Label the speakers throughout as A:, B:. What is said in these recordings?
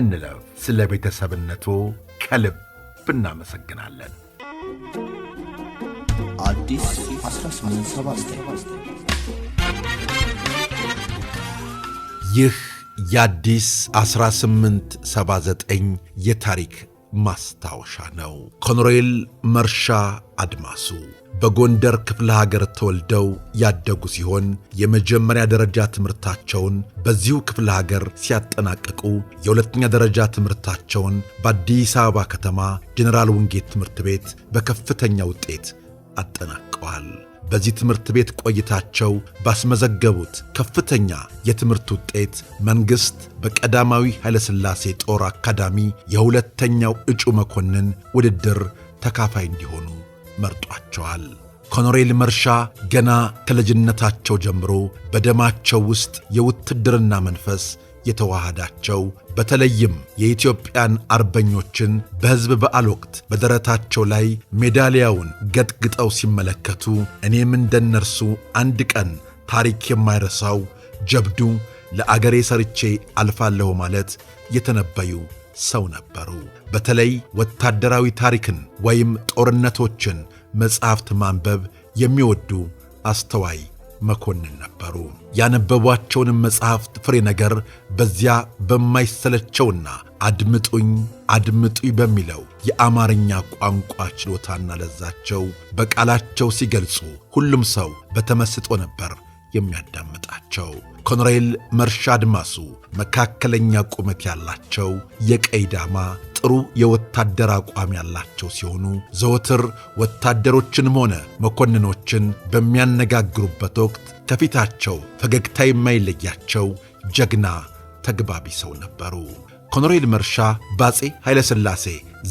A: እንለፍ። ስለ ቤተሰብነቱ ከልብ እናመሰግናለን። ይህ የአዲስ 1879 የታሪክ ማስታወሻ ነው። ኮሎኔል መርሻ አድማሱ በጎንደር ክፍለ ሀገር ተወልደው ያደጉ ሲሆን የመጀመሪያ ደረጃ ትምህርታቸውን በዚሁ ክፍለ ሀገር ሲያጠናቅቁ የሁለተኛ ደረጃ ትምህርታቸውን በአዲስ አበባ ከተማ ጄኔራል ውንጌት ትምህርት ቤት በከፍተኛ ውጤት አጠናቀዋል። በዚህ ትምህርት ቤት ቆይታቸው ባስመዘገቡት ከፍተኛ የትምህርት ውጤት መንግሥት በቀዳማዊ ኃይለሥላሴ ጦር አካዳሚ የሁለተኛው እጩ መኮንን ውድድር ተካፋይ እንዲሆኑ መርጧቸዋል። ኮሎኔል መርሻ ገና ከልጅነታቸው ጀምሮ በደማቸው ውስጥ የውትድርና መንፈስ የተዋሃዳቸው በተለይም የኢትዮጵያን አርበኞችን በሕዝብ በዓል ወቅት በደረታቸው ላይ ሜዳሊያውን ገጥግጠው ሲመለከቱ እኔም እንደነርሱ አንድ ቀን ታሪክ የማይረሳው ጀብዱ ለአገሬ ሰርቼ አልፋለሁ ማለት የተነበዩ ሰው ነበሩ። በተለይ ወታደራዊ ታሪክን ወይም ጦርነቶችን መጽሐፍት ማንበብ የሚወዱ አስተዋይ መኮንን ነበሩ። ያነበቧቸውንም መጽሐፍት ፍሬ ነገር በዚያ በማይሰለቸውና አድምጡኝ አድምጡኝ በሚለው የአማርኛ ቋንቋ ችሎታና ለዛቸው በቃላቸው ሲገልጹ ሁሉም ሰው በተመስጦ ነበር የሚያዳምጣቸው። ኮሎኔል መርሻ አድማሱ መካከለኛ ቁመት ያላቸው የቀይ ዳማ ጥሩ የወታደር አቋም ያላቸው ሲሆኑ ዘወትር ወታደሮችንም ሆነ መኮንኖችን በሚያነጋግሩበት ወቅት ከፊታቸው ፈገግታ የማይለያቸው ጀግና ተግባቢ ሰው ነበሩ። ኮኖሬል መርሻ በአፄ ኃይለሥላሴ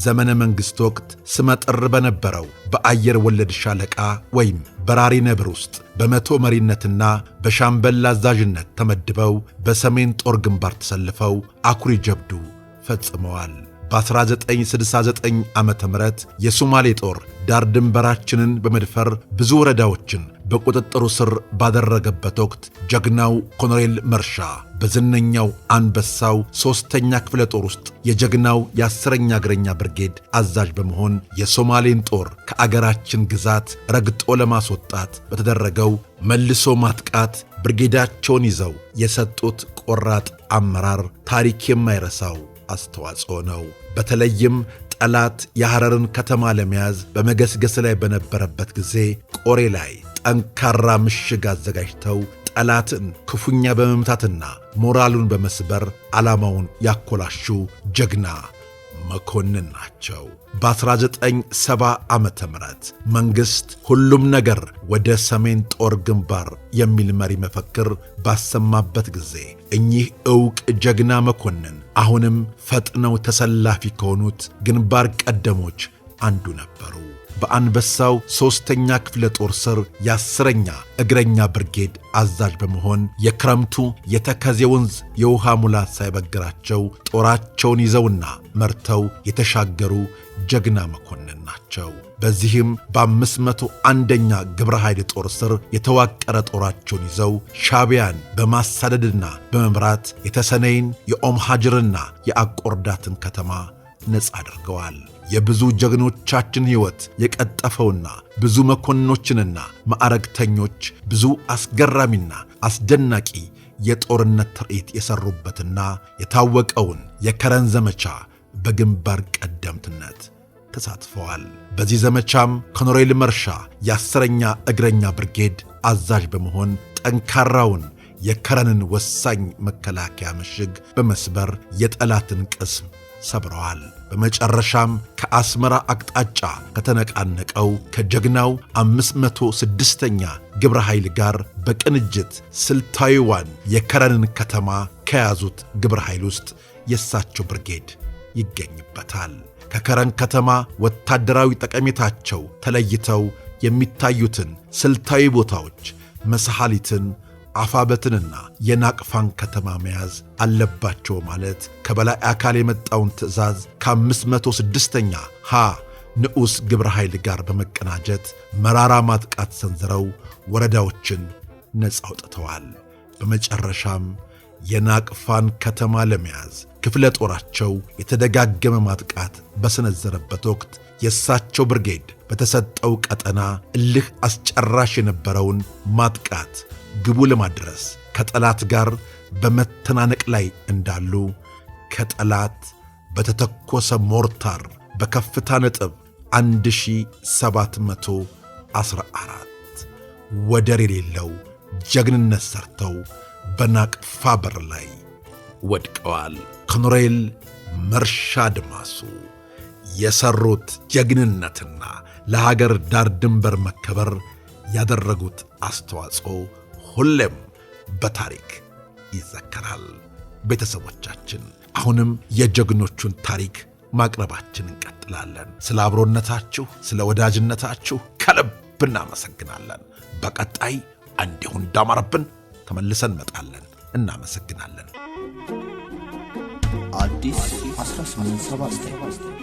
A: ዘመነ መንግሥት ወቅት ስመጥር በነበረው በአየር ወለድ ሻለቃ ወይም በራሪ ነብር ውስጥ በመቶ መሪነትና በሻምበል አዛዥነት ተመድበው በሰሜን ጦር ግንባር ተሰልፈው አኩሪ ጀብዱ ፈጽመዋል። በ1969 ዓ ም የሶማሌ ጦር ዳር ድንበራችንን በመድፈር ብዙ ወረዳዎችን በቁጥጥሩ ስር ባደረገበት ወቅት ጀግናው ኮሎኔል መርሻ በዝነኛው አንበሳው ሦስተኛ ክፍለ ጦር ውስጥ የጀግናው የአስረኛ እግረኛ ብርጌድ አዛዥ በመሆን የሶማሌን ጦር ከአገራችን ግዛት ረግጦ ለማስወጣት በተደረገው መልሶ ማጥቃት ብርጌዳቸውን ይዘው የሰጡት ቆራጥ አመራር ታሪክ የማይረሳው አስተዋጽኦ ነው። በተለይም ጠላት የሐረርን ከተማ ለመያዝ በመገስገስ ላይ በነበረበት ጊዜ ቆሬ ላይ ጠንካራ ምሽግ አዘጋጅተው ጠላትን ክፉኛ በመምታትና ሞራሉን በመስበር ዓላማውን ያኮላሹ ጀግና መኮንን ናቸው። በ1970 ዓ ም መንግሥት ሁሉም ነገር ወደ ሰሜን ጦር ግንባር የሚል መሪ መፈክር ባሰማበት ጊዜ እኚህ ዕውቅ ጀግና መኮንን አሁንም ፈጥነው ተሰላፊ ከሆኑት ግንባር ቀደሞች አንዱ ነበሩ። በአንበሳው ሦስተኛ ክፍለ ጦር ስር የአስረኛ እግረኛ ብርጌድ አዛዥ በመሆን የክረምቱ የተከዜ ወንዝ የውሃ ሙላት ሳይበግራቸው ጦራቸውን ይዘውና መርተው የተሻገሩ ጀግና መኮንን ናቸው። በዚህም በአምስት መቶ አንደኛ ግብረ ኃይል ጦር ስር የተዋቀረ ጦራቸውን ይዘው ሻቢያን በማሳደድና በመምራት የተሰነይን የኦም የአቆርዳትን ከተማ ነጻ አድርገዋል። የብዙ ጀግኖቻችን ሕይወት የቀጠፈውና ብዙ መኮንኖችንና ማዕረግተኞች ብዙ አስገራሚና አስደናቂ የጦርነት ትርኢት የሠሩበትና የታወቀውን የከረን ዘመቻ በግንባር ቀደምትነት ተሳትፈዋል። በዚህ ዘመቻም ኮሎኔል መርሻ የአስረኛ እግረኛ ብርጌድ አዛዥ በመሆን ጠንካራውን የከረንን ወሳኝ መከላከያ ምሽግ በመስበር የጠላትን ቅስም ሰብረዋል። በመጨረሻም ከአስመራ አቅጣጫ ከተነቃነቀው ከጀግናው 506ኛ ግብረ ኃይል ጋር በቅንጅት ስልታዊዋን የከረንን ከተማ ከያዙት ግብረ ኃይል ውስጥ የእሳቸው ብርጌድ ይገኝበታል። ከከረን ከተማ ወታደራዊ ጠቀሜታቸው ተለይተው የሚታዩትን ስልታዊ ቦታዎች መሰሐሊትን፣ አፋበትንና የናቅፋን ከተማ መያዝ አለባቸው ማለት ከበላይ አካል የመጣውን ትዕዛዝ ከ506ኛ ሀ ንዑስ ግብረ ኃይል ጋር በመቀናጀት መራራ ማጥቃት ሰንዝረው ወረዳዎችን ነፃ አውጥተዋል። በመጨረሻም የናቅፋን ከተማ ለመያዝ ክፍለ ጦራቸው የተደጋገመ ማጥቃት በሰነዘረበት ወቅት የእሳቸው ብርጌድ በተሰጠው ቀጠና እልህ አስጨራሽ የነበረውን ማጥቃት ግቡ ለማድረስ ከጠላት ጋር በመተናነቅ ላይ እንዳሉ ከጠላት በተተኮሰ ሞርታር በከፍታ ነጥብ 1714 ወደር የሌለው ጀግንነት ሰርተው በናቅፋ በር ላይ ወድቀዋል። ኮሎኔል መርሻ አድማሱ የሰሩት ጀግንነትና ለሀገር ዳር ድንበር መከበር ያደረጉት አስተዋጽኦ ሁሌም በታሪክ ይዘከራል። ቤተሰቦቻችን አሁንም የጀግኖቹን ታሪክ ማቅረባችን እንቀጥላለን። ስለ አብሮነታችሁ፣ ስለ ወዳጅነታችሁ ከልብ እናመሰግናለን። በቀጣይ እንዲሁ እንዳማረብን ተመልሰን እንመጣለን። እናመሰግናለን። አዲስ 1879